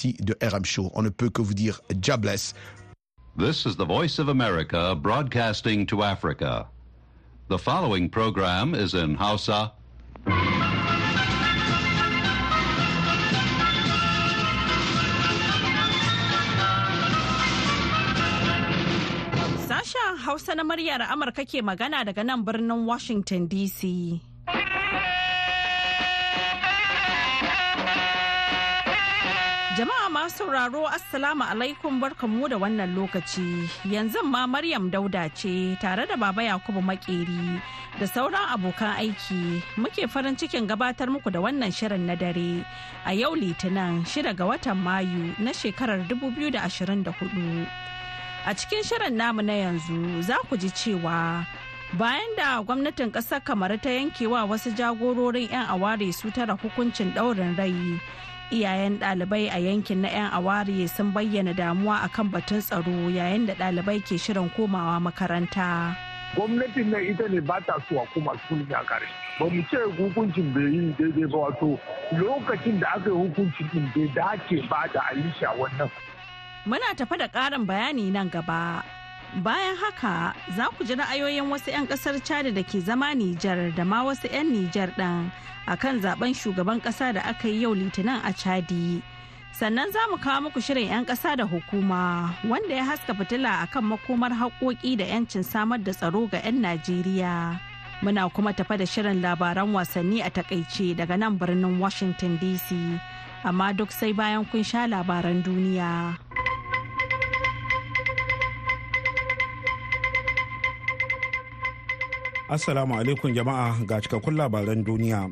de RM Show. On ne peut que vous dire jobless. This is the voice of America broadcasting to Africa. The following program is in Hausa. Sasha Hausa na Mariara, Amurka ke magana daga nan birnin Washington DC. masu sauraro Assalamu alaikum barkamu da wannan lokaci. Yanzu ma Maryam Dauda ce tare da Baba Yakubu Makeri da sauran abokan aiki muke farin cikin gabatar muku da wannan shirin na dare a yau Litinin shida ga watan Mayu na shekarar 2024. A cikin shirin namu na yanzu za ku ji cewa bayan da gwamnatin ƙasar kamar ta yankewa wasu jagororin 'yan aware su tara hukuncin daurin rai iyayen ɗalibai a yankin na 'yan awariye sun bayyana damuwa akan batun tsaro yayin da ɗalibai ke shirin komawa makaranta. gwamnatin na ita ne ba ta suwa kuma sun ya kare ba mu ce hukuncin bai yi daidai ba wato lokacin da aka yi hukuncin din bai dace ba da alisha wannan muna tafa da ƙarin bayani nan gaba Bayan haka za ku ji ra'ayoyin wasu 'yan kasar Chad da ke zama Nijar da ma wasu 'yan Nijar ɗin a kan zaben shugaban ƙasa da aka yi yau litinin a Chadi. Sannan za mu kawo muku shirin 'yan ƙasa da hukuma wanda ya haska fitila a kan makomar haƙoƙi da 'yancin samar da tsaro ga 'yan Najeriya. Muna kuma tafa da shirin labaran wasanni a takaice daga nan birnin Washington DC. Amma duk sai bayan kun sha labaran duniya. Assalamu alaikum jama'a ga cikakkun labaran duniya.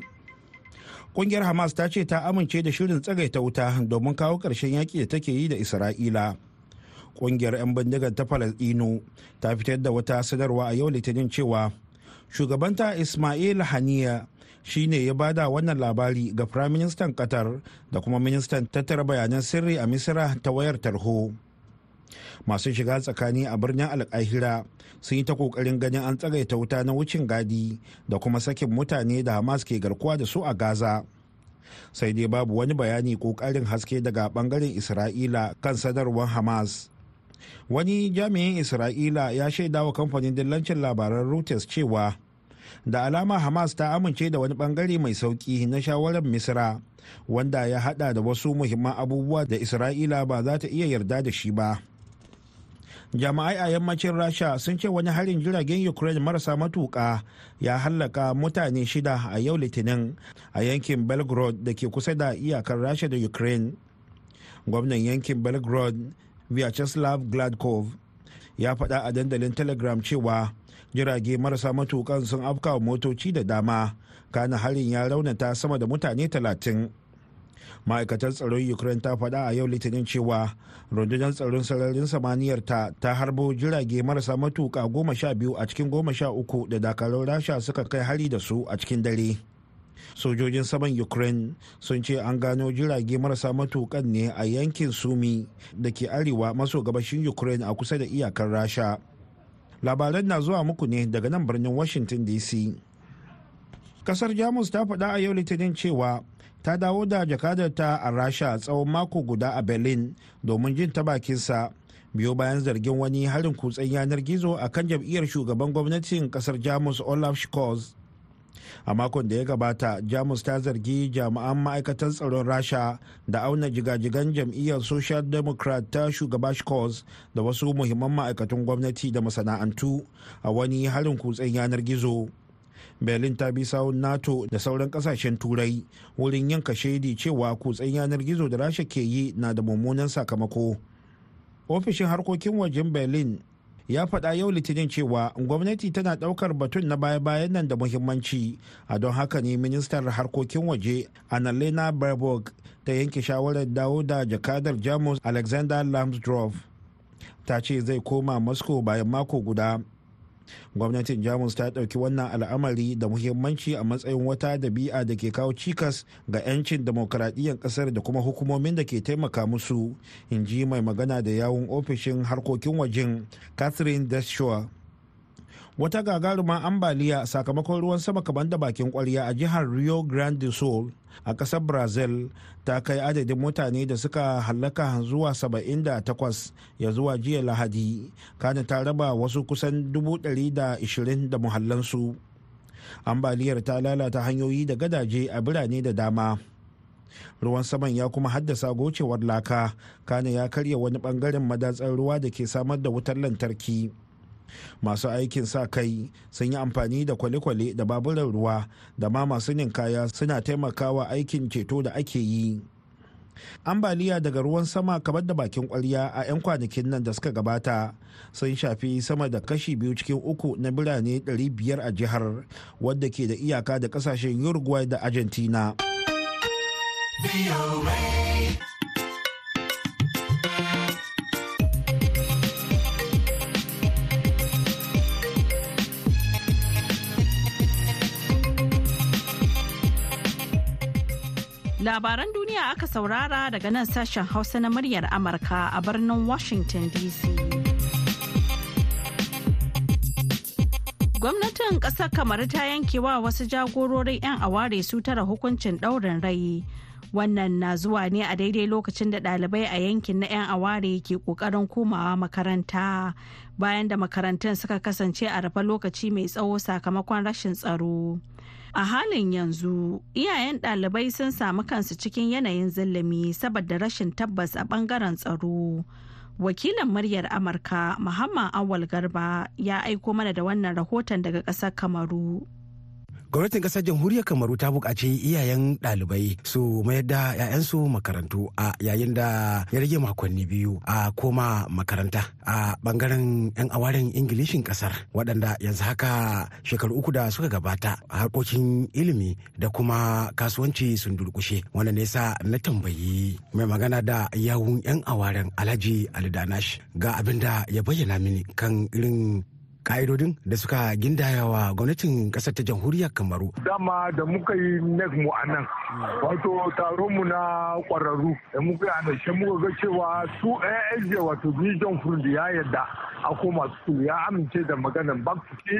Kungiyar Hamas ta ce ta amince da shirin tsagaita wuta domin kawo ƙarshen yaƙi da take yi da Isra'ila. Kungiyar 'yan bindigar ta Falasɗinu ta fitar da wata sadarwa a yau Litinin cewa shugabanta Ismail Haniya shi ne ya bada wannan labari ga Firaministan Qatar da kuma ministan tattara bayanan sirri a Misira ta wayar tarho. masu shiga tsakani a birnin alkahira sun yi ta kokarin ganin an tsagaita wuta na wucin gadi da kuma sakin mutane da hamas ke garkuwa da su a gaza sai dai babu wani bayani ko ƙarin haske daga bangaren isra'ila kan sadarwar hamas wani jami'in isra'ila ya shaida wa kamfanin dillancin labaran reuters cewa da alama hamas ta amince da wani bangare mai sauki na shawarar misra wanda ya hada da wasu muhimman abubuwa da isra'ila ba za ta iya yarda da shi ba jama'ai a yammacin rasha sun ce wani harin jiragen ukraine marasa matuka ya hallaka mutane shida a yau litinin a yankin belgrade da ke kusa da iyakar rasha da ukraine gwamnan yankin belgrade vyacheslav gladkov ya faɗa a dandalin telegram cewa jirage marasa matukan sun afkawa motoci da dama kana harin ya raunata sama da mutane talatin ma'aikatar tsaron ukraine ta faɗa a yau litinin cewa rundunar tsaron sararin samaniyar ta ta harbo jirage marasa matuka goma sha biyu a cikin goma sha uku da dakarun rasha suka kai hari da su a cikin dare sojojin saman ukraine sun ce an gano jirage marasa matukan ne a yankin sumi da ke arewa maso gabashin ukraine a kusa da iyakar rasha labaran na zuwa muku ne daga nan birnin washington dc kasar jamus ta faɗa a yau litinin cewa ta dawo da jakadarta a rasha tsawon mako guda a berlin domin jin ta bakinsa biyo bayan zargin wani harin kutsen yanar gizo a kan jam'iyyar shugaban gwamnatin kasar jamus olaf scholz a makon da ya gabata jamus ta zargi jami'an ma'aikatan tsaron rasha da auna jigajigan jam'iyyar social democrat ta shugaba scholz da wasu muhimman ma'aikatan gwamnati da masana'antu a wani harin kutsen yanar gizo berlin ta bi sawun nato da sauran kasashen turai wurin yin kashedi cewa kutsen yanar gizo da rasha ke yi na da mummunan sakamako ofishin harkokin wajen berlin ya faɗa yau litinin cewa gwamnati tana ɗaukar batun na baya-bayan nan da muhimmanci a don haka ne ministar harkokin waje annalena berburg ta yanke shawarar dawo da jakadar jamus alexander lambsdorff ta ce zai koma moscow bayan mako guda gwamnatin jamus ta ɗauki wannan al'amari da muhimmanci a matsayin wata dabi'a da ke kawo cikas ga 'yancin demokuraɗiyyar ƙasar da kuma hukumomin da ke taimaka musu in ji mai magana da yawun ofishin harkokin wajen catherine deshaw wata gagaruma ambaliya sakamakon ruwan sama kamar da bakin kwarya a jihar rio grande do sul a kasar brazil ta kai adadin mutane da suka hallaka zuwa 78 ya zuwa jiya lahadi kana ta raba wasu kusan 120 da muhallansu ambaliyar ta lalata hanyoyi da gadaje a birane da dama ruwan saman ya kuma haddasa gocewar laka kana ya karya wani bangaren madatsar ruwa da ke samar da wutar lantarki masu aikin sa kai sun yi amfani da kwale-kwale da baburan ruwa da ma masu ninkaya suna taimakawa aikin ceto da ake yi ambaliya daga ruwan sama kamar da bakin kwarya a 'yan kwanakin nan da suka gabata sun shafi sama da kashi biyu cikin uku na birane 500 a jihar wadda ke da iyaka da kasashen uruguay da argentina Labaran duniya aka saurara daga nan sashen Hausa na muryar Amurka a birnin Washington DC. Gwamnatin ƙasar kamar ta yanke wa wasu jagororin 'yan aware su tara hukuncin ɗaurin rai. Wannan na zuwa ne a daidai lokacin da ɗalibai a yankin na 'yan aware ke ƙoƙarin komawa makaranta bayan da makarantun suka kasance a rufe lokaci mai tsawo sakamakon rashin tsaro. A halin yanzu, iyayen ɗalibai sun sami kansu cikin yanayin zallami saboda rashin tabbas a ɓangaren tsaro. Wakilin muryar Amurka, Muhammad Awal Garba, ya aiko mana da wannan rahoton daga ƙasar Kamaru. gwamnatin kasar jamhuriyar kamaru ta buƙaci iyayen ɗalibai su mayar da 'ya'yansu makarantu a yayin da ya rage makonni biyu a koma makaranta a bangaren 'yan awarin ingilishin ƙasar waɗanda yanzu haka shekaru uku da suka gabata harkokin ilimi da kuma kasuwanci sun durƙushe, wanda ne sa na tambayi mai magana da yawun 'yan awaren alhaji alidanash ga abin da ya bayyana mini kan irin ka'idodin da suka gindaya wa gwamnatin kasar ta jamhuriyar kamaru dama da muka yi nek mu a nan wato taron mu na kwararru da muka yi a shi muka ga cewa su asj wato Vision Fund ya yadda a koma su ya amince da maganan ba shi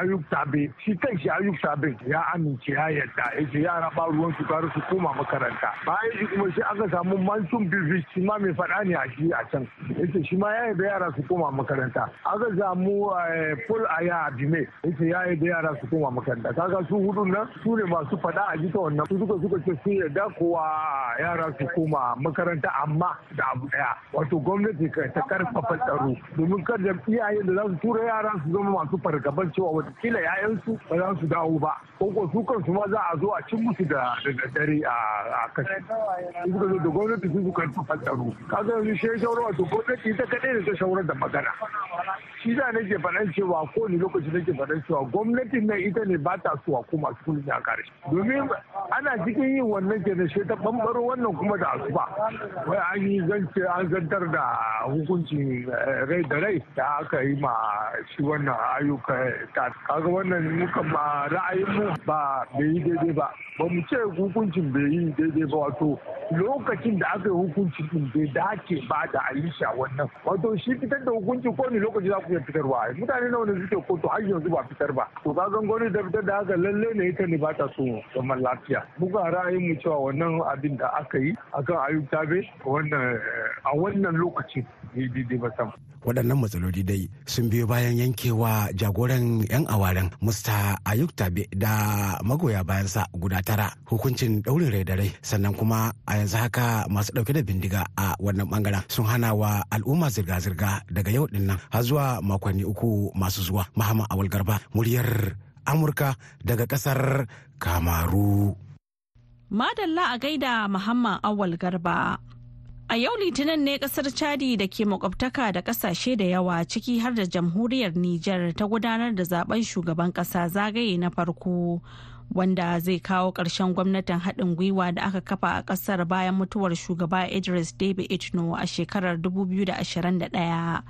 ayub tabi shi kan shi ayub tabi ya amince ya yadda ya ce yara ba ruwan su karu su koma makaranta bayan shi kuma shi aka samu mansum bibi shi ma mai faɗa ne a shi a can ya ce shi ma ya yarda yara su koma makaranta aka samu eh, full a ya dine yace ya yi da yara su kuma makaranta kaga su hudu nan su ne masu faɗa a jika wannan su suka suka ce su yarda kowa yara su kuma makaranta amma da abu daya wato gwamnati ta karfafa tsaro domin kada iyayen da za su tura yara su zama masu fargaban cewa watakila su ba za su dawo ba ko su kansu ma za a zo a cin musu da dare a kashe su suka zo da gwamnati su suka karfafa tsaro kaga yanzu shi shawarar wato gwamnati ita kaɗai da ta shawarar da magana shi ne nake faɗan cewa ko ni lokaci nake faɗan cewa gwamnatin nan ita ne ba ta suwa ko masu kuɗi a kare domin ana cikin yin wannan kenan shi ta bambaro wannan kuma da asuba wai an yi zance an zantar da hukuncin eh, rai da rai da aka yi ma shi wannan ayyuka kaga wannan muka ma ra'ayin mu ba bai yi daidai ba ba mu ce hukuncin bai yi daidai ba wato lokacin da aka yi hukuncin bai dace ba da alisha wannan wato shi fitar da hukuncin ko ni lokaci za ku fitarwa mutane nawa ne suke kotu har yanzu ba fitar ba to ka gan gwani da fitar da haka lalle ne ita ne ba ta so zaman lafiya buga ra'ayin mu cewa wannan abin da aka yi akan ayub tabe wannan eh, a wannan lokacin ne dai ba sam waɗannan matsaloli dai sun biyo bayan yankewa jagoran 'yan awaren musta ayuk tabe da magoya bayansa guda tara hukuncin ɗaurin rai da rai sannan kuma a yanzu haka masu ɗauke da bindiga a wannan bangaren sun hana wa al'umma zirga-zirga daga yau ɗin nan har zuwa makonni uku masu zuwa mahama awal garba muryar amurka daga kasar kamaru madalla a gaida muhammad awal garba a yau litinin ne kasar chadi da ke makwabtaka da kasashe da yawa ciki har da jamhuriyar niger ta gudanar da zaben shugaban kasa zagaye na farko wanda zai kawo ƙarshen gwamnatin haɗin gwiwa da aka kafa a ƙasar bayan mutuwar shugaba idris David, itno a shekarar 2021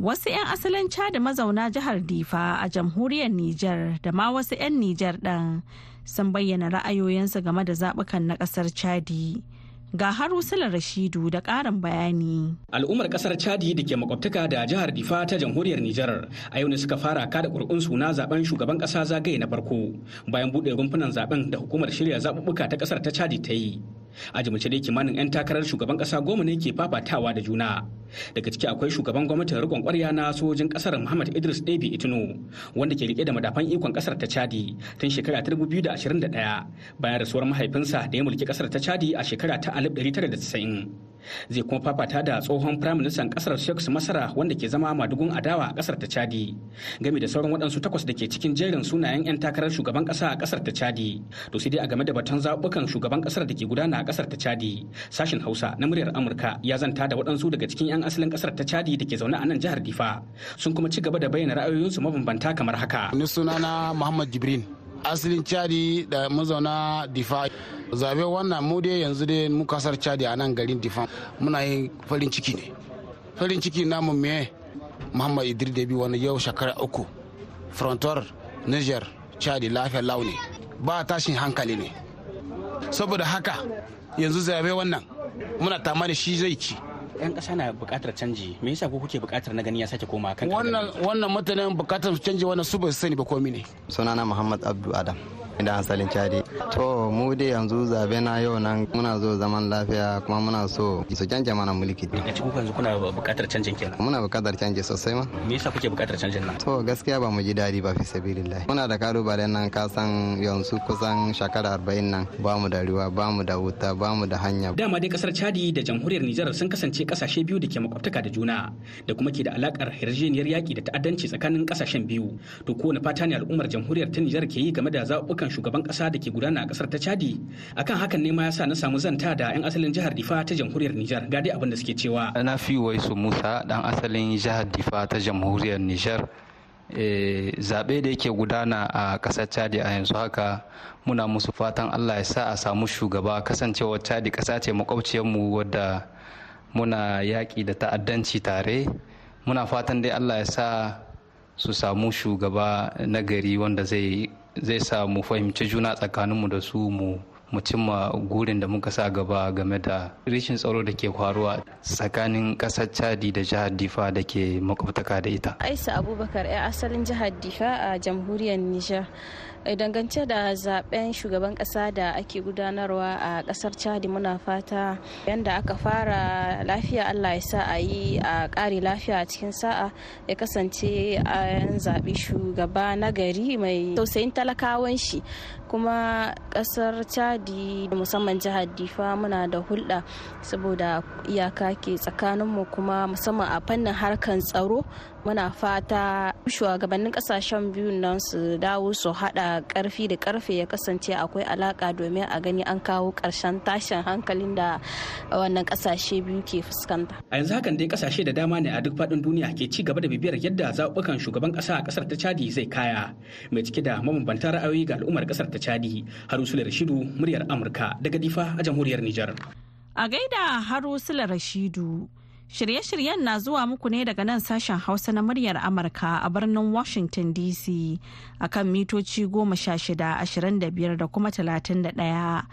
Wasu 'yan asalin da mazauna jihar Difa a jamhuriyar Nijar da ma wasu 'yan Nijar ɗin sun bayyana ra'ayoyinsu game da zaɓukan na ƙasar Chadi. ga harusula rashidu da ƙarin bayani al'ummar ƙasar chadi da ke makwabtaka da jihar difa ta jamhuriyar nijar a yau ne suka fara kada ƙuri'un suna zaben shugaban ƙasa zagaye na farko bayan buɗe rumfunan zaben da hukumar shirya zaɓuɓɓuka ta ƙasar ta chadi ta yi a jimace dai kimanin 'yan takarar shugaban kasa goma ne ke fafatawa da juna daga ciki akwai shugaban gwamnatin rikon kwarya na sojojin kasar muhammad idris debi itinu wanda ke rike da madafan ikon kasar ta chadi tun shekara ta ɗaya. bayan rasuwar mahaifinsa da ya mulki kasar ta chadi a shekara ta alif ɗari tara da 1990 zai kuma fafata da tsohon firaministan kasar sheikh masara wanda ke zama madugun adawa a kasar ta chadi game da sauran waɗansu takwas da ke cikin jerin sunayen 'yan takarar shugaban ƙasa a kasar ta chadi to sai dai a game da batun zaɓukan shugaban ƙasar da ke gudana a kasar ta chadi sashen hausa na muryar amurka ya zanta da waɗansu daga cikin 'yan asalin kasar ta chadi da ke zaune a nan jihar difa sun kuma ci gaba da bayyana ra'ayoyinsu mabambanta kamar haka ni sunana muhammad jibrin asalin chadi da mazauna difa zabe wannan mu dai yanzu dai mu kasar chadi a nan garin difa muna yin farin ciki ne farin ciki namu me muhammad idir debi wani yau shekara uku frontor niger chadi lafiya launi ba tashin hankali ne saboda haka yanzu zabe wannan muna tamani shi zai ci 'yan kasa na bukatar canji me yasa ku kuke bukatar na gani ya sake koma kan wannan wannan mutanen bukatar canji wannan su ba su sani ba komai ne sunana muhammad abdu adam da asalin cadi to mu dai yanzu zabe na yau nan muna zo zaman lafiya kuma muna so su canja mana mulki A cikin yanzu kuna buƙatar canjin kenan muna buƙatar canji sosai ma me yasa kuke buƙatar canjin nan to gaskiya ba mu ji daɗi ba fi sabilillah muna da bare nan ka san yanzu kusan shekara 40 nan ba mu da ruwa ba mu da wuta ba mu da hanya dama dai kasar cadi da jamhuriyar Nijar sun kasance kasashe biyu da ke makwabtaka da juna da kuma ke da alakar yarjejeniyar yaki da ta'addanci tsakanin kasashen biyu to na fata ne al'ummar jamhuriyar ta Nijar ke yi game da zaɓuɓɓukan zaɓukan shugaban ƙasa da ke gudana a ƙasar ta Chadi. Akan hakan ne ma yasa na samu zanta da 'yan asalin jihar Difa ta jamhuriyar Nijar. Ga dai abin da suke cewa. Na fi Waisu Musa dan asalin jihar Difa ta jamhuriyar Nijar. Eh, zaɓe da yake gudana a ƙasar Chadi a yanzu haka muna musu fatan Allah ya sa a samu shugaba kasancewa Chadi ƙasa ce makwabciyarmu wadda muna yaƙi da ta'addanci tare muna fatan dai Allah ya sa su samu shugaba na gari wanda zai zai sa mu fahimci juna tsakaninmu da su mu mu cimma gurin da muka sa gaba game da rishin tsaro da ke faruwa tsakanin kasar chadi da jihar difa da ke makwabtaka da ita aisa abubakar 'yan asalin jihar difa a jamhuriyar nijar Eh, dangance da zaben shugaban kasa da ake gudanarwa a kasar chadi muna fata yadda aka fara lafiya allah ya sa a yi a kare lafiya a cikin sa'a ya kasance an zaɓi shugaba na gari mai tausayin talakawan shi kuma kasar chadi musamman jihar difa muna da hulɗa saboda iyaka ke tsakaninmu kuma musamman a fannin harkar tsaro muna fata shugabannin kasashen biyu nan su dawo su hada karfi da karfe ya kasance akwai alaka domin a gani an kawo karshen tashin hankalin da wannan kasashe biyu ke fuskanta a yanzu hakan dai kasashe da dama ne a duk faɗin duniya ke ci gaba da bibiyar yadda zaɓukan shugaban ƙasa a ƙasar ta chadi zai kaya mai cike da mabambanta ra'ayoyi ga al'ummar ƙasar ta chadi harusular rashidu muryar amurka daga difa a jamhuriyar nijar a gaida harusula rashidu Shirye-shiryen na zuwa muku ne daga nan sashen Hausa na muryar Amurka a birnin Washington DC a kan mitoci goma sha shida ashirin da biyar da kuma talatin da ɗaya.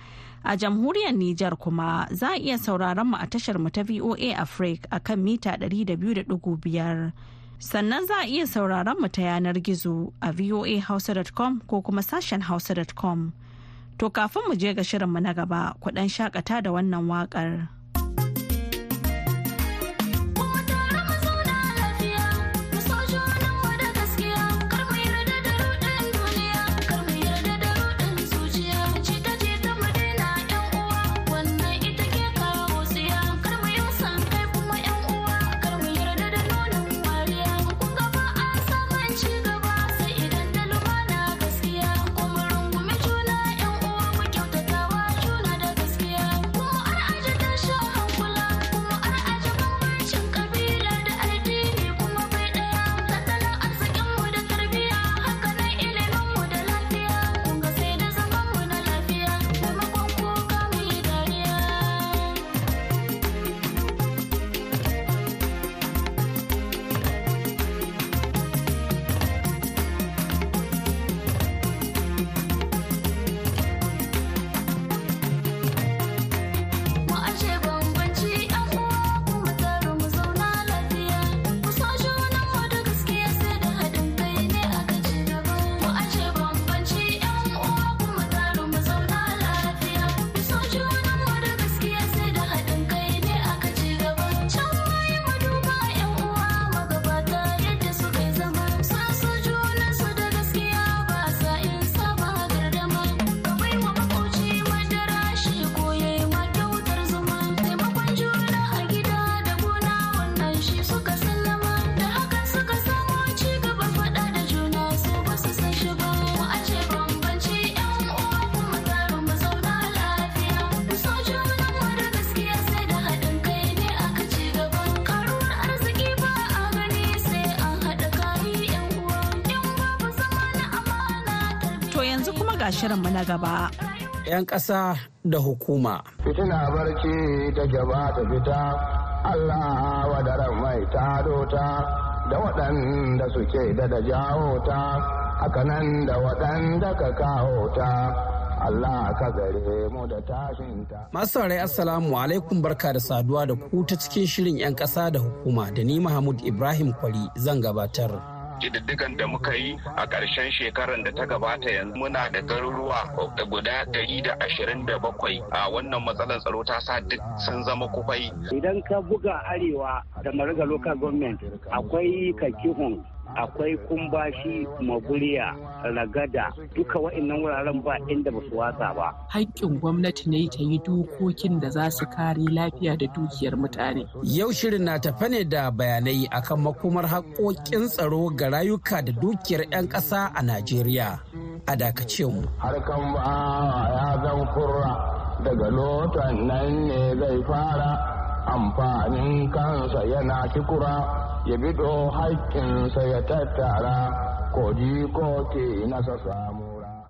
A jamhuriyar Nijar kuma za a iya sauraron mu a tashar mu ta VOA Africa a kan mita ɗari da biyu da ɗigo biyar. Sannan za a iya sauraron mu ta yanar gizo a voahausa.com ko kuma sashen hausa.com. To kafin mu je ga shirin mu na gaba, ku ɗan shakata da wannan waƙar. shirin mana gaba. 'Yan ƙasa da hukuma. Fitina barci ta gaba ta fita, Allah wadaran mai ta da waɗanda suke da da jawo ta, nan da waɗanda ka kawo ta. Allah ka gare mu da tashin ta. Masu saurai Assalamu alaikum barka da saduwa da ku ta cikin shirin 'yan ƙasa da hukuma da ni Mahmud Ibrahim Kwari zan gabatar. kididdigan da muka yi a ƙarshen shekarar da ta gabata yanzu muna da garuruwa guda ɗari da ashirin da bakwai a wannan matsalar tsaro ta sa duk sun zama kufai. Idan ka buga arewa da marigalo local government akwai kakihun akwai kumbashi maguriya ragada duka wa'annan wuraren ba inda ba su watsa ba haƙƙin gwamnati ne ta yi dokokin da za su kare lafiya da dukiyar mutane yau shirin na tafe ne da bayanai akan makomar haƙƙoƙin tsaro ga rayuka da dukiyar 'yan ƙasa a najeriya a dakace mu harkan ba ya zan kurra daga lotan nan ne zai fara amfanin kansa yana kikura ya bido haƙƙinsa ya tattara ko ko ke nasa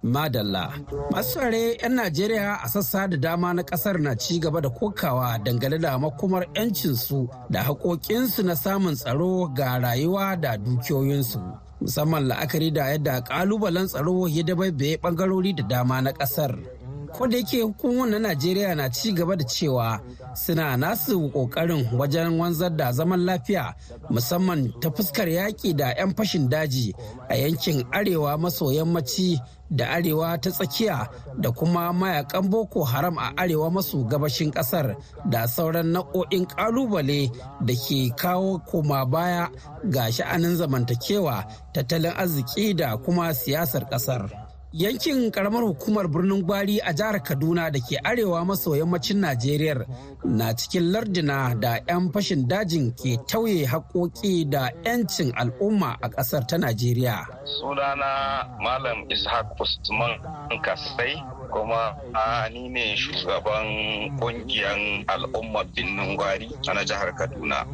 Madalla, tsare 'yan Najeriya a sassa da dama na ƙasar na ci gaba da kokawa dangane da makomar 'yancinsu da haƙoƙinsu na samun tsaro ga rayuwa da dukiyoyinsu. musamman la'akari da yadda ƙalubalen tsaro ya dabaibaye bangarori da dama na ƙasar wanda yake hukumomin na najeriya na ci gaba da cewa suna nasu kokarin wajen wanzar da zaman lafiya musamman ta fuskar yaƙi da 'yan fashin daji a yankin arewa maso yammaci da arewa ta tsakiya da kuma mayakan boko haram a arewa maso gabashin ƙasar da sauran nau'o'in ƙalubale da ke kawo koma baya ga sha'anin zamantakewa tattalin arziki da kuma siyasar ƙasar. yankin karamar hukumar birnin gwari a jihar kaduna da ke arewa maso yammacin najeriya na cikin lardina da 'yan fashin dajin ke tauye haƙoƙi da 'yancin al'umma a ƙasar ta najeriya sunana malam ishaq usman kasai kuma a ni ne shugaban ƙungiyar al'umma birnin gwari a na jihar kaduna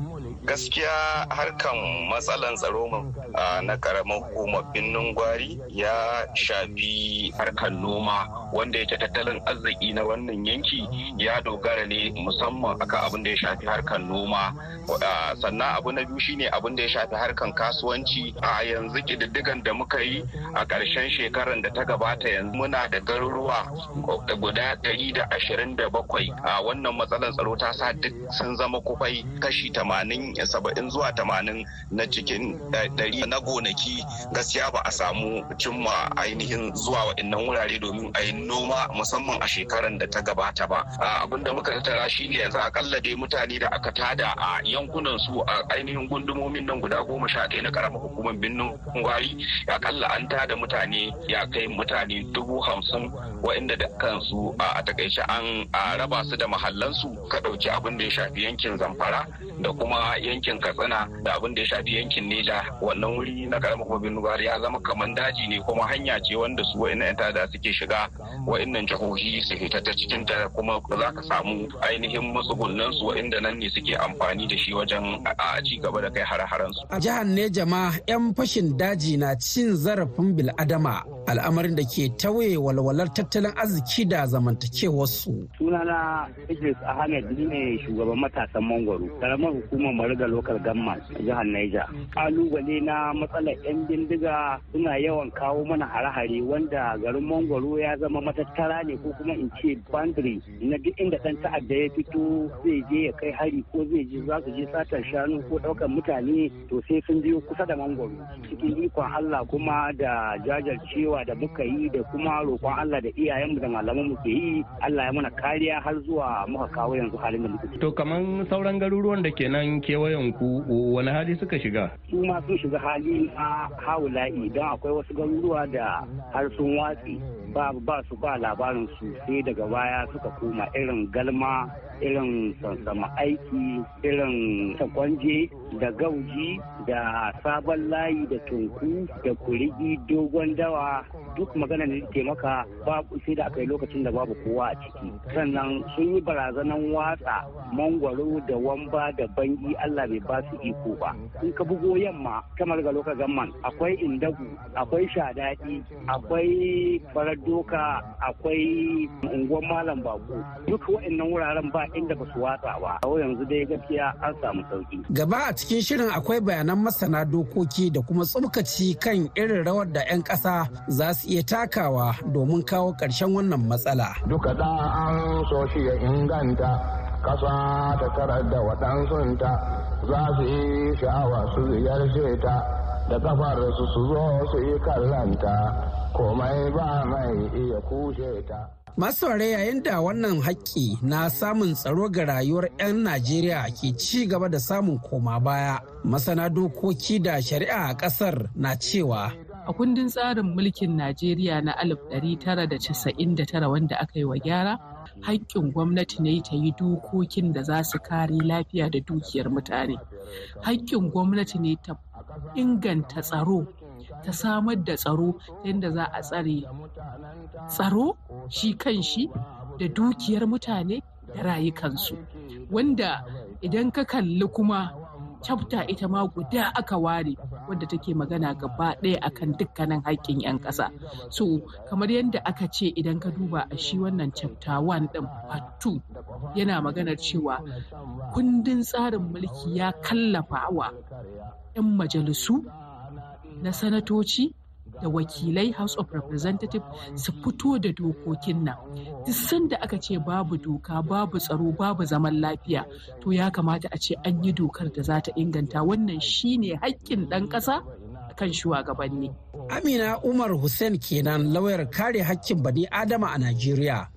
gaskiya harkan matsalan tsaro na karamin hukumar binnin gwari ya shafi harkar noma wanda ya yake tattalin arziki na wannan yanki ya dogara ne musamman akan abin da ya shafi harkar noma sannan abu na biyu shine abin da ya shafi harkar kasuwanci a yanzu kididdigan da muka yi a ƙarshen shekarar da ta gabata yanzu muna da garuruwa guda ɗari da ashirin da bakwai a wannan matsalar tsaro ta sa duk sun zama kufai kashi tamanin saba'in zuwa tamanin na cikin eh, ɗari mu na gonaki gaskiya ba a samu cimma ainihin zuwa waɗannan wurare domin a yi noma musamman a shekaran da ta gabata ba abin da muka tattara shine yanzu kalla dai mutane da aka tada a yankunan su a ainihin gundumomin nan guda goma sha ɗaya na karamar hukumar birnin gwari akalla an tada mutane ya kai mutane dubu hamsin waɗanda da kansu a takaice an raba su da mahallansu ka ɗauki abin da ya shafi yankin zamfara da kuma yankin katsina da abin da ya shafi yankin neja wannan wuri na karamar kuma ya zama kamar daji ne kuma hanya ce wanda su wa'annan yan tada suke shiga wa'annan jihohi su fita ta cikin ta kuma za ka samu ainihin matsugunan su inda nan ne suke amfani da shi wajen a ci gaba da kai hare-haren su. A jihar ne jama'a 'yan fashin daji na cin zarafin bil'adama al'amarin da ke tauye walwalar tattalin arziki da zamantakewar su Sunana Idris Ahmed ne shugaban matasan Mangwaro, karamar hukumar marigal Lokal government jihar Niger. Kalubale na matsalar 'yan bindiga suna yawan kawo mana hare-hare wanda garin mangwaro ya zama matattara ne ko kuma in ce bandri na duk inda ɗan ta'adda ya fito zai je ya kai hari ko zai je za su je satar shanu ko ɗaukar mutane to sai sun biyo kusa da mangwaro cikin ikon Allah kuma da jajircewa da muka yi da kuma roƙon Allah da iyayenmu da mu ke yi Allah ya mana kariya har zuwa muka kawo yanzu halin da muke. To kaman sauran garuruwan da ke nan kewayen ku wani hali suka shiga? Su ma sun shiga halin a haula idan akwai wasu garuruwa da har sun watsi babu ba su ba labarin su sai daga baya suka koma irin galma irin sansama aiki irin takwanje da gauji da sabon layi da tunku da kurigi dogon dawa duk magana da ke maka babu sai da aka yi lokacin da babu kowa a ciki sannan sun yi barazanan watsa mangwaro da wamba da bangi allah bai ba su iko ba in ka bugo yamma kamar ga lokacin man akwai indagu akwai shadadi akwai farar doka akwai unguwar malam baku duk waɗannan wuraren ba inda ba su watsa ba a yanzu dai gaskiya an samu sauki gaba a cikin shirin akwai bayanan masana dokoki da kuma tsubkaci kan irin rawar da 'yan ƙasa za su iya takawa domin kawo ƙarshen wannan matsala duka da an so shi ya inganta ƙasa ta tarar da waɗansunta za su yi sha'awa su ziyarce ta da kafarsu su zo su yi kallanta komai ba mai iya kushe ta. Masu yayin da wannan haƙƙi na samun tsaro ga rayuwar 'yan Najeriya ke ci gaba da samun koma baya. Masana dokoki da shari'a a ƙasar na cewa a kundin tsarin mulkin Najeriya na 1999 wanda aka yi wa gyara haƙƙin gwamnati ne ta yi dokokin da za su kare lafiya da dukiyar mutane haƙƙin gwamnati ne ta inganta tsaro ta samar da tsaro yadda za a tsare tsaro shi kan shi da dukiyar mutane da rayukansu wanda idan ka kalli kuma chapter ita ma guda aka ware wadda take magana gaba ɗaya akan dukkanin haƙƙin 'yan ƙasa so kamar yadda aka ce idan ka duba a shi wannan chapter 1 ɗin part 2 yana maganar cewa kundin tsarin mulki ya kallafa wa 'yan majalisu na sanatoci da wakilai House of Representatives su fito da dokokin nan. Duk sanda aka ce babu doka, babu tsaro, babu zaman lafiya, to ya kamata a ce an yi dokar da za ta inganta wannan shine haƙƙin ɗan ƙasa kan shugabanni. Amina Umar Hussein kenan lauyar kare haƙƙin bani Adama a Najeriya.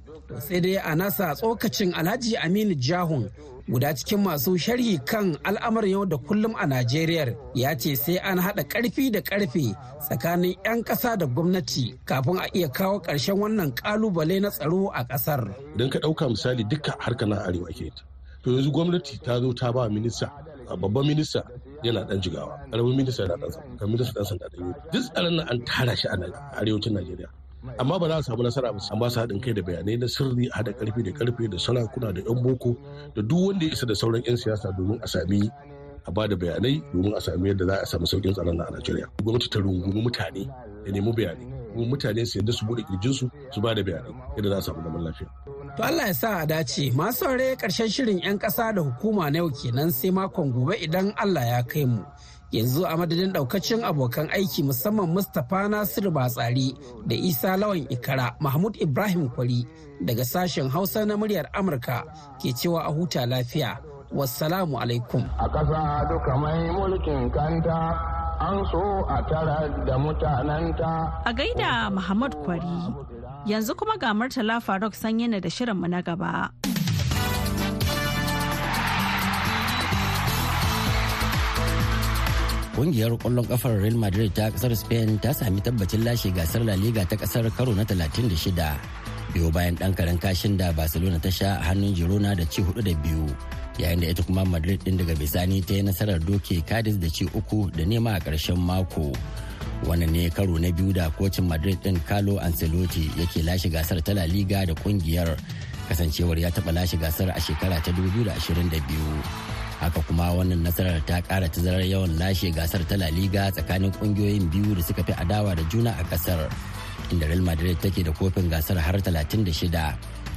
sai dai a nasa tsokacin Alhaji Aminu Jahun guda cikin masu sharhi kan al'amarin yau da kullum a Najeriya ya ce sai an haɗa ƙarfi da ƙarfe tsakanin 'yan ƙasa da gwamnati kafin a iya kawo ƙarshen wannan ƙalubale na tsaro a ƙasar. Don ka ɗauka misali dukkan harkar na arewa ke to yanzu gwamnati ta zo ta ba minista babban minista yana dan jigawa karamin minista yana dan sanda minista dan sanda da duk tsaron nan an tara shi a arewacin najeriya amma ba za a samu nasara ba amma su haɗin kai da bayanai na sirri a haɗa ƙarfi da ƙarfe da sarakuna da 'yan boko da duk wanda ya isa da sauran 'yan siyasa domin a sami a ba bayanai domin a sami yadda za a samu sauƙin tsaron a Najeriya. Gwamnati ta rungumi mutane da nemi bayanai kuma mutane su yadda su buɗe ƙirjinsu su ba da bayanai yadda za a samu zaman lafiya. To Allah ya sa a dace masu saurare ƙarshen shirin 'yan kasa da hukuma na yau kenan sai makon gobe idan Allah ya kai mu. yanzu a madadin daukacin abokan aiki musamman mustapha nasir batsari da isa lawan ikara mahmud ibrahim kwari daga sashen hausa na muryar amurka ke cewa a huta lafiya wassalamu alaikum a ƙasa duka mai mulkin kanta an so a tara da mutananta a gaida muhammad kwari yanzu kuma ga murtala faruk sanyina da shirinmu na gaba. kungiyar kwallon kafar real madrid ta kasar spain ta sami tabbacin lashe gasar la liga ta kasar karo na 36 biyo bayan dan karen kashin da barcelona ta sha a hannun girona da ci hudu da biyu yayin da ita kuma madrid din daga bisani ta yi nasarar doke cadiz da ci uku da nema a karshen mako wannan ne karo na biyu da kocin madrid din carlo ancelotti yake lashe gasar ta la liga da kungiyar kasancewar ya taba lashe gasar a shekara ta 2022 haka kuma wannan nasarar ta kara tazarar yawan lashe gasar ta la liga tsakanin kungiyoyin biyu da suka fi adawa da juna a kasar inda real madrid take da kofin gasar har 36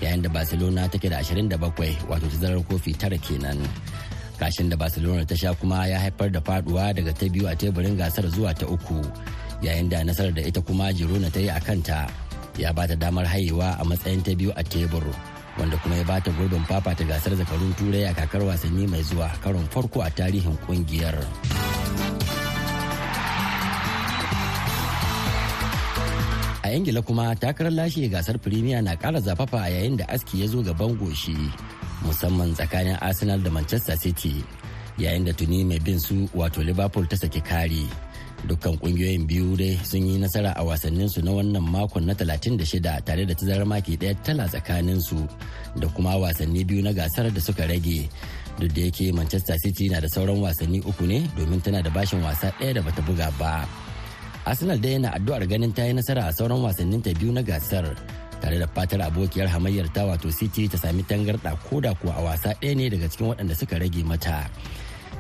yayin da barcelona take da 27 wato tazarar kofi tara kenan kashin da barcelona ta sha kuma ya haifar da faduwa daga ta biyu a teburin gasar zuwa ta uku yayin da nasarar da ita kuma girona ta yi a kanta ya ba ta damar hayewa a matsayin ta biyu a tebur wanda kuma ya bata gurbin fafa ta gasar zakarun turai a kakar wasanni mai zuwa karon farko a tarihin kungiyar. a ingila kuma takarar lashe gasar firimiya na kara zafafa a yayin da aski ya zo gaban goshi musamman tsakanin arsenal da manchester city yayin da tuni mai bin su wato liverpool ta saki kari. dukkan kungiyoyin biyu dai sun yi nasara a wasannin su na wannan makon na 36 tare da tazarar maki daya tala tsakanin su da kuma wasanni biyu na gasar da suka rage duk da yake manchester city na da sauran wasanni uku ne domin tana da bashin wasa ɗaya da bata buga ba arsenal dai yana addu'ar ganin ta yi nasara a sauran wasannin ta biyu na gasar tare da fatar abokiyar hamayyar ta wato city ta sami tangarɗa koda kuwa a wasa ɗaya ne daga cikin waɗanda suka rage mata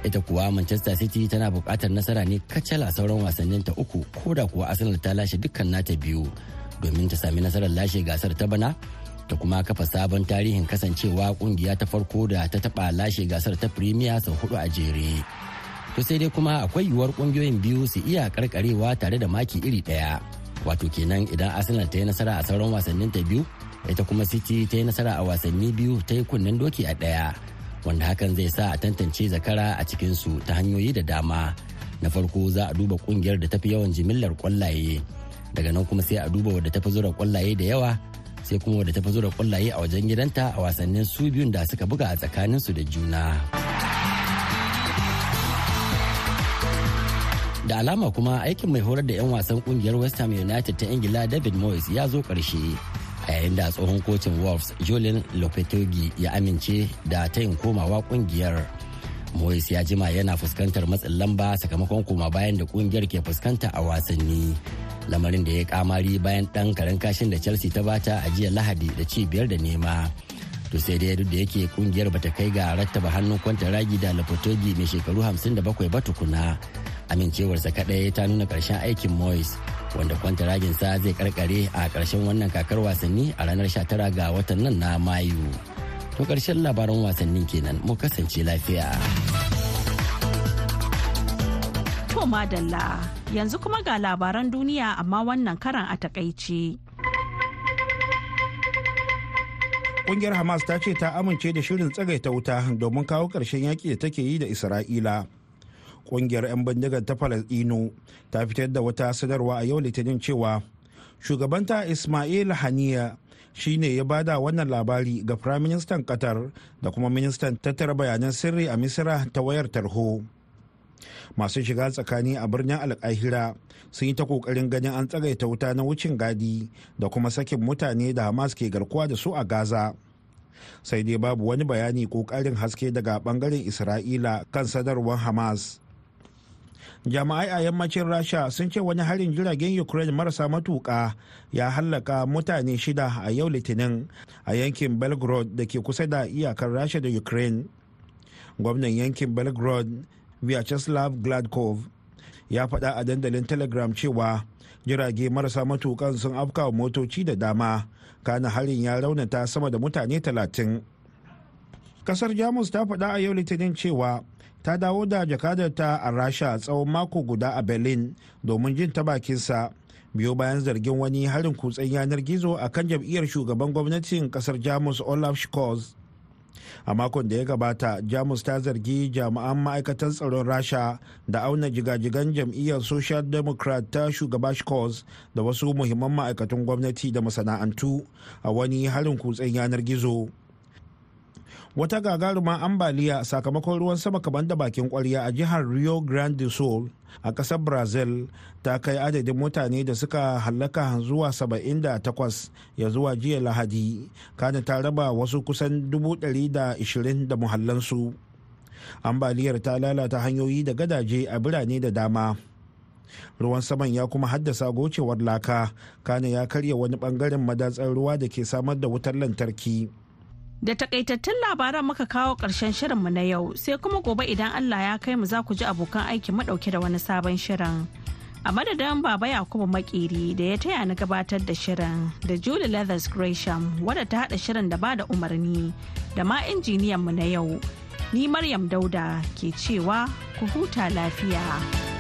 ita kuwa manchester city tana buƙatar nasara ne a sauran wasannin ta uku ko da kuwa arsenal ta lashe dukkan nata biyu domin ta sami nasarar lashe gasar ta bana ta kuma kafa sabon tarihin kasancewa kungiya ta farko da ta taba lashe gasar ta premier sau hudu a jere to sai dai kuma akwai yiwuwar kungiyoyin biyu su iya karkarewa tare da maki iri daya wato kenan idan arsenal ta yi nasara a sauran wasannin ta biyu ita kuma city ta yi nasara a wasanni biyu ta yi kunnen doki a daya. wanda hakan zai sa a tantance zakara a cikinsu ta hanyoyi da dama na farko za a duba kungiyar da tafi yawan jimillar kwallaye daga nan kuma sai a duba wadda tafi zura kwallaye da yawa sai kuma wadda tafi zura kwallaye a wajen gidanta a wasannin su biyun da suka buga a tsakaninsu da juna da alama kuma aikin mai horar da 'yan wasan kungiyar west ham united ta ingila david moyes ya zo ƙarshe yayin da tsohon kocin wolves julian lopetogi ya amince da tayin komawa kungiyar moyes ya jima yana fuskantar matsin lamba sakamakon koma bayan da kungiyar ke fuskanta a wasanni lamarin da ya kamari bayan dan karen kashin da chelsea ta bata a jiya lahadi da ci biyar da nema to sai dai duk da yake kungiyar bata kai ga rattaba hannun kwanta ragi da lopetogi mai shekaru 57 ba tukuna amincewarsa kadai ta nuna karshen aikin moyes wanda sa zai karkare a karshen wannan kakar wasanni a ranar 19 ga watan nan na mayu to karshen labaran wasannin kenan mu kasance lafiya to madalla yanzu kuma ga labaran duniya amma wannan karan a takaice Kungiyar Hamas ta ce ta amince da shirin tsagaita wuta domin kawo karshen yaƙi da take yi da Isra'ila. kungiyar 'yan bindigar ta falasdino ta fitar da wata sadarwa a yau litinin cewa shugabanta ismail haniya shine ya bada wannan labari ga firaministan qatar da kuma ministan tattara bayanan sirri a misira ta wayar tarho masu shiga tsakani a birnin alkahira sun yi ta kokarin ganin an tsagaita wuta na wucin gadi da kuma sakin mutane da hamas ke garkuwa da su a gaza sai dai babu wani bayani ko haske daga bangaren isra'ila kan sadarwar hamas jama'ai a yammacin rasha sun ce wani harin jiragen ukraine marasa matuka ya hallaka mutane shida a yau litinin a yankin belgrade da ke kusa da iyakar rasha da ukraine gwamnan yankin belgrade vyacheslav gladkov ya faɗa a dandalin telegram cewa jirage marasa matukan sun afka motoci da dama kana harin ya raunata sama da mutane talatin. kasar jamus ta faɗa a yau litinin cewa ta dawo da jakadarta a rasha tsawon mako guda a berlin domin jin ta bakinsa biyo bayan zargin wani harin kutsen yanar gizo a kan jam'iyyar shugaban gwamnatin kasar jamus olaf scholz a makon da ya gabata jamus ta zargi jami'an ma'aikatan tsaron rasha da auna jigajigan jam'iyyar social democrat ta shugaba scholz da wasu muhimman ma'aikatan gwamnati da masana'antu a wani harin kutsen yanar gizo wata gagaruma ambaliya sakamakon ruwan sama kamar da bakin kwarya a jihar rio grande do sul a ƙasar brazil ta kai adadin mutane da suka hallaka zuwa 78 ya zuwa jiya lahadi kana ta raba wasu kusan 120 da muhallansu ambaliyar ta lalata hanyoyi da gadaje a birane da dama ruwan saman ya kuma haddasa gocewar laka kana ya karya wani bangaren madatsar ruwa da ke samar da wutar lantarki Da takaitattun labaran muka kawo ƙarshen shirinmu na yau sai kuma gobe idan Allah ya kai mu za ku ji abokan aiki mu da wani sabon shirin. A madadin Baba Yakubu Makiri da ya taya ni gabatar da shirin da Julie Leathers Gresham wadda ta haɗa shirin da ba da umarni da ma injiniyanmu na yau. Ni Maryam Dauda ke cewa ku huta lafiya.